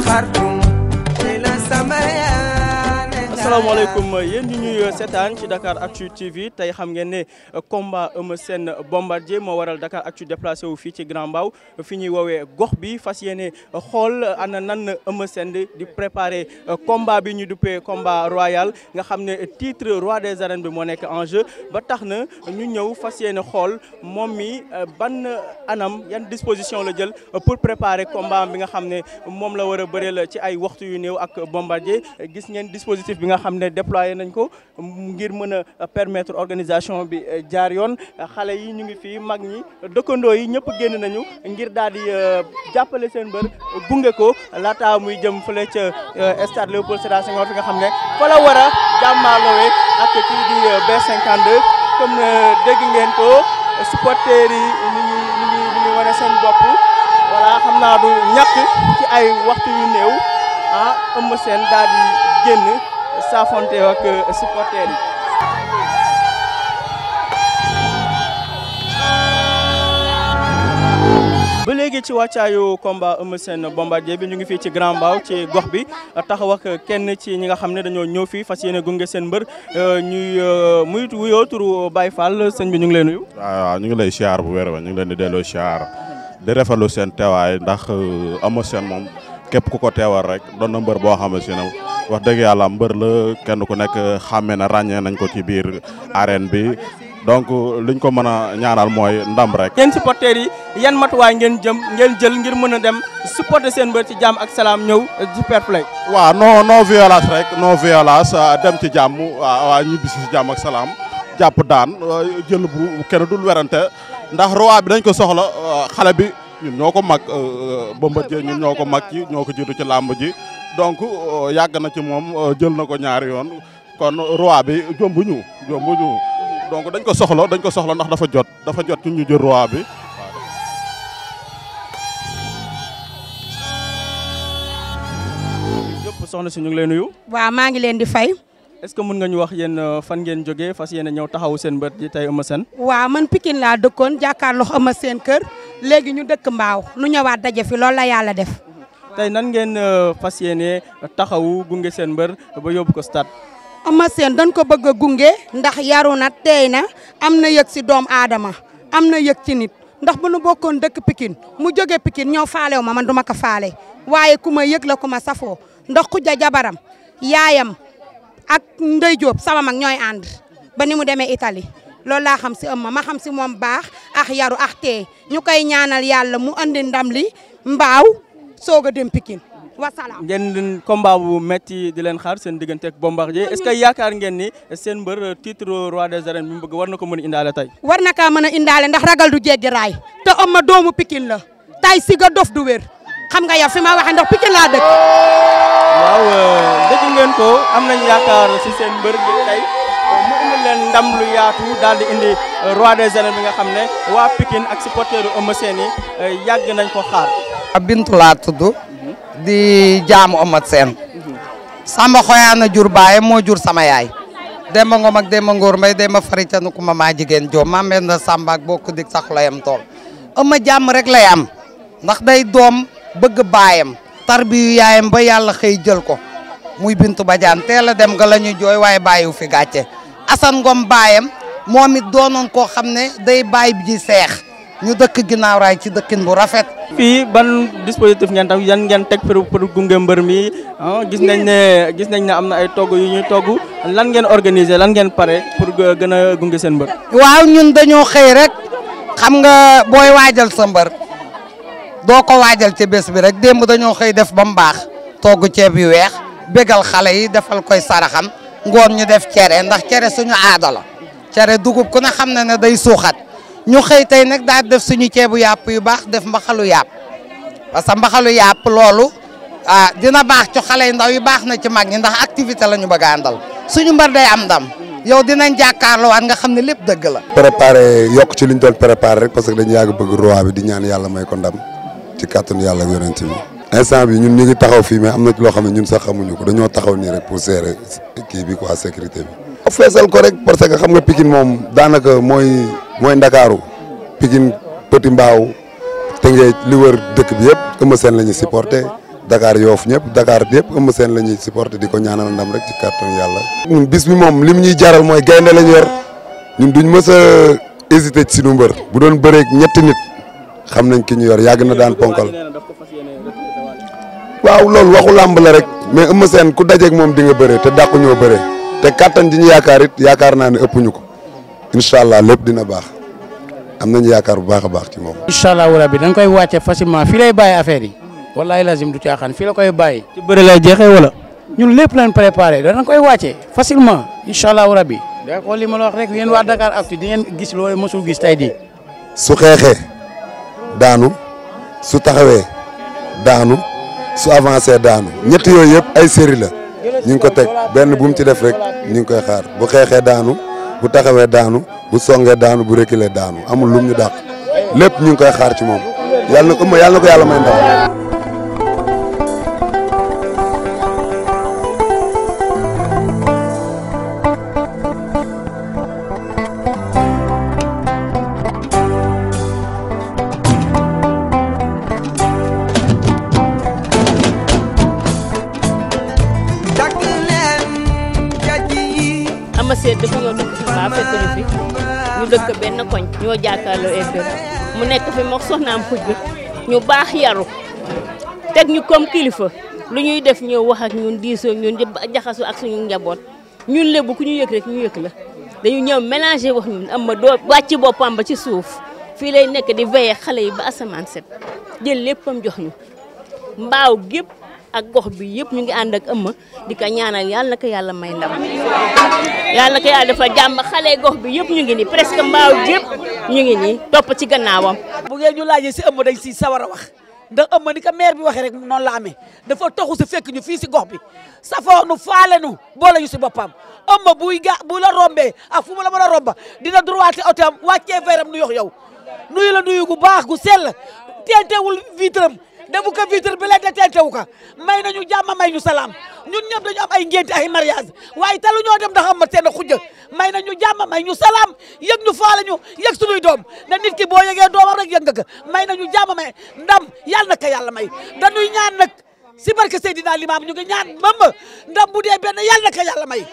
trabajar asalaamaaleykum yéen ñi ñuy sétane ci Dakar Actu TV tay xam ngeen né combat Eumeu sen Bombardier mo waral Dakar Actu déplacé wu fi ci Grand Mbao fi ñuy wowe gox bi fas yéene xool ana nan Eumeu sen di préparer euh, combat bi ñu duppé combat royal nga xam ne titre roi des arènes bi mo nek en jeu ba tax na ñu ñew fas yéene xool mi euh, ban anam yan disposition la jël euh, pour préparer combat bi nga xam ne moom la wara a bëreel ci ay waxtu yu néew ak Bombardier gis ngeen dispositif bi nga xam ne déployé nañ ko ngir mën a permettre organisation bi euh, jaar yoon xale yi ñu ngi fii mag ñi dëkkandoo yi ñëpp génn nañu ngir daal di euh, jàppale seen mbër gunge ko laata muy jëm fële ca euh, stade Léopold Sédar fi nga xam ne fa la war a jàmmaarloowee ak kii di B52 comme dégg ngeen ko supporters yi ñu ngi ñu ngi seen bopp voilà xam naa du ñàkk ci ay waxtu yu néew ah Eumeu Sène daal di génn. saafonte ak euh, supporter yi ba léegi ci wàccaayu combat Eumeu Sène Bombardier bi ñu ngi fii ci Grand Mbao ci gox bi taxaw ak kenn ci ñi nga xam ne dañoo ñëw fii fas yéene gunge seen mbër euh, ñuy euh, muy wuyoo turu Baye Fall sëñ bi ñu ngi lay nuyu. waaw ñu ngi lay siyaar bu wér ba ñu ngi leen di delloo siyaar di rafetlu seen teewaay ndax Eumeu Sène moom. kep ku ko tewal rek do kan na mbeur bo xam si ne wax deug yalla mbeur la kenn ku nek xamé na ragné nañ ko ci biir arène bi donc liñ ko mëna ñaanal moy ndam rek. ñen supporter yi yan matuwaay ngeen jëm ngeen jël ngir mëna dem supporter seen mbeur ci jàmm ak eh, play wa non no violence rek no violence ah, dem ci wa ah, ah, ñu bis ci jàmm ak salam japp daan jël bu kenn dul wérante ndax roi bi dañ ko soxla xalé bi ñun ñoo mag euh, euh, Bombardier ñun mag ci ci ji donc euh, yàgg na ci jël yoon kon roi bi jombu ñu donc dañ ko soxla dañ ko soxla ndax dafa jot dafa jot si ñu ngi lay nuyu ngi di fay est-ce que mën nga ñu wax yeen fan ngeen joggé fas yeen ñew taxaw seen bëtt ji tay wa man Pikine lox kër léegi ñu dëkk mbaaw nu ñëwaat daje fi loolu la yàlla def. tey nan ngeen euh, fas yéene taxawu gunge seen mbër ba yóbbu ko stade. ama seen dañ ko bëgg a gunge ndax yaru na teey na am na yëg si doom aadama am na yëg ci nit ndax bu nu bokkoon dëkk Pikine mu jóge Pikine ñoo faalew ma man duma ko faale waaye ku ma la ku ma ndax ku ja jabaram yaayam ak Ndey Jóob sama mag ñooy ànd ba ni mu demee Italie loolu laa xam si ëmma ma xam si moom baax ax yaru ax tee ñu koy ñaanal yàlla mu andi ndam li mbaaw soog a dem Pikine wasalaam. ngeen combat bu metti di leen xaar seen diggante ak Bombardier est-ce que yaakaar ngeen ni seen mbër titre roi des arènes bi bëgg war na ko mën a indaale tey. war na kaa mën a indaale ndax ragal du jéggi raay te ëmma doomu Pikine la tay si ga dof du wér xam nga yow ma waxee ndax Pikine laa dëkk. waaw euh, ngeen ko am nañ yaakaar si seen mbër bi tey. mu indil leen ndam lu yaatu daal di indi roi des arènes bi nga xam ne waa Pikine ak supporteru Eumeu Sène di jaamu Eumeu Sène Samba Xoyaana jur sama yaay. Demba Ngom ak Demba Ngor Mbay Demba Faritanu kuma maa jigéen Diop maa mel ne Samba ak bokk dig sax la yam tool Eumeu jàmm rek lay am ndax asan gom bayam momit donon ko xamne day bay bi ji seex ñu dëkk ginaaw raay ci dëkkin bu rafet. fi ban dispositif ñan taw yan ngeen tek pour pour gunge mi ah, gis nañ ne gis nañ né am ay togg yu ñuy togg lan ngeen organiser lan ngeen pare pour gëna gungé seen mbeur waaw ñun dañoo xey rek xam nga boy waajal sa mbeur do ko waajal ci bës bi rek démb dañoo xey def ba baax togg ci bi wéx bégal xalé yi defal koy saraxam. ngoon ñu def cere ndax cere suñu aada la cere dugub ku ne xam na ne day suuxat ñu xëy tey nag daal def suñu ceebu yàpp yu baax def mbaxalu yàpp parce que mbaxalu yàpp loolu ah dina baax ci xale yu ndaw yi baax na ci mag ñi ndax activité la ñu bëgg a àndal suñu mbër day am ndam yow dinañ jàkkaarloowaat nga xam ne lépp dëgg la. préparé yokk ci li ñu doon préparé rek parce que dañu yàgg bëgg roi bi di ñaan yàlla may ko ndam ci kàttanu yàlla ak yonent bi instant bi ñun ñu ngi taxaw fii mais am na ci xam ne ñun sax xamuñu ko ñoo taxaw nii rek pour gérer kii bi quoi sécurité bi. a feesal ko rek parce que xam nga Pikine moom daanaka mooy mooy Ndakaaru Pikine Petit Mbaaw te ngay li wër dëkk bi yëpp Eumeu seen la ñuy supporter Dakar Yoff ñëpp Dakar yëpp Eumeu Sène la ñuy supporter di ko ñaanal ndam rek ci kàttanu yàlla. ñun bis bi moom lim ñuy jaral mooy gaynde lañu yor ñun duñ mës a hésité ci suñu mbër bu doon bëreeg ñetti nit xam nañ ki ñu yor yàgg na daan ponkal. waaw loolu waxu làmb la rek mais Eumeu Sène ku dajeeg moom di nga bëre te dàqu ñoo bëre te kattan ji ñu yaakaar it naa ne ëpp ñu ko incha allah lépp dina baax am nañu yaakaar bu baax a baax ci moom. incha allah rabi dañ koy wàcce facilement fii lay bàyyi affaire yi wallahi lazim du caaxaan fii la koy bàyyi. ci bëre lay jeexee wala. ñun lépp lañ préparé danañ koy wàcce facilement incha allah rabi. day xool li ma la wax rek yéen waa Dakar Actu di ngeen gis loolu mosul gis tey di su xeexee daanu taxawee daanu. su avancé daanu ñett yooyu yëpp ay série la ñu ngi ko teg benn bu mu ci def rek ñu ngi koy xaar bu xeexee daanu bu taxawee daanu bu songee daanu bu reculer daanu amul lum ñu dàq lépp ñu ngi koy xaar ci moom yàlla na ko yàlla na ko seet dafa ñoo dëkk benn koñ ñoo jàkkaarloo éppé mu nekk fi mook soxnaam xuj bi ñu baax yaru teg ñu kom kilifa lu ñuy def ñëw wax ak ñun diisoo ñun jaxasu ak suñu njaboot ñun lébu ku ñu yëg rek ñu yëg la dañu ñëw mélangé wax ñun am ma doo wàcc boppam ba ci suuf fii lay nekk di veillé xale yi ba asamaan set jël léppam jox ñu mbaaw gépp ak gox bi yëpp ñu ngi and ak ëmma di ko ñaanal yalla naka yalla may ndam yalla naka yalla dafa jamm xalé gox bi yëpp ñu ngi ni presque mbaaw yëpp ñu ngi ni top ci gannaawam. bu ngeen ñu laaje ci ëmma dañ ci sawara wax da ëmma ni ka maire bi waxe rek non la amé dafa toxu su fekk ñu fi ci gox bi nu nu ñu bu la rombé ak fu la mëna romba dina droit ci autom wàccee véram nu yox yow nuyu la nuyu gu baax gu tenté wul vitram defu ka vitre bi la detee tew ko may nañu jàmm may ñu salaam ñun ñëpp dañu am ay ngénti ay mariage waaye talu ñoo dam ndax am ma seen xujja may nañu jàmm may ñu salaam yëg ñu faale ñu yëg suñuy doom na nit ki boo yëgee doomam rek yëg nga ko may nañu jàmm may ndam yàlla na ko yàlla may dañuy ñaan nag si barke Seydina Limaam ñu ngi ñaan Bamba ndam bu dee benn yàlla na ko yàlla may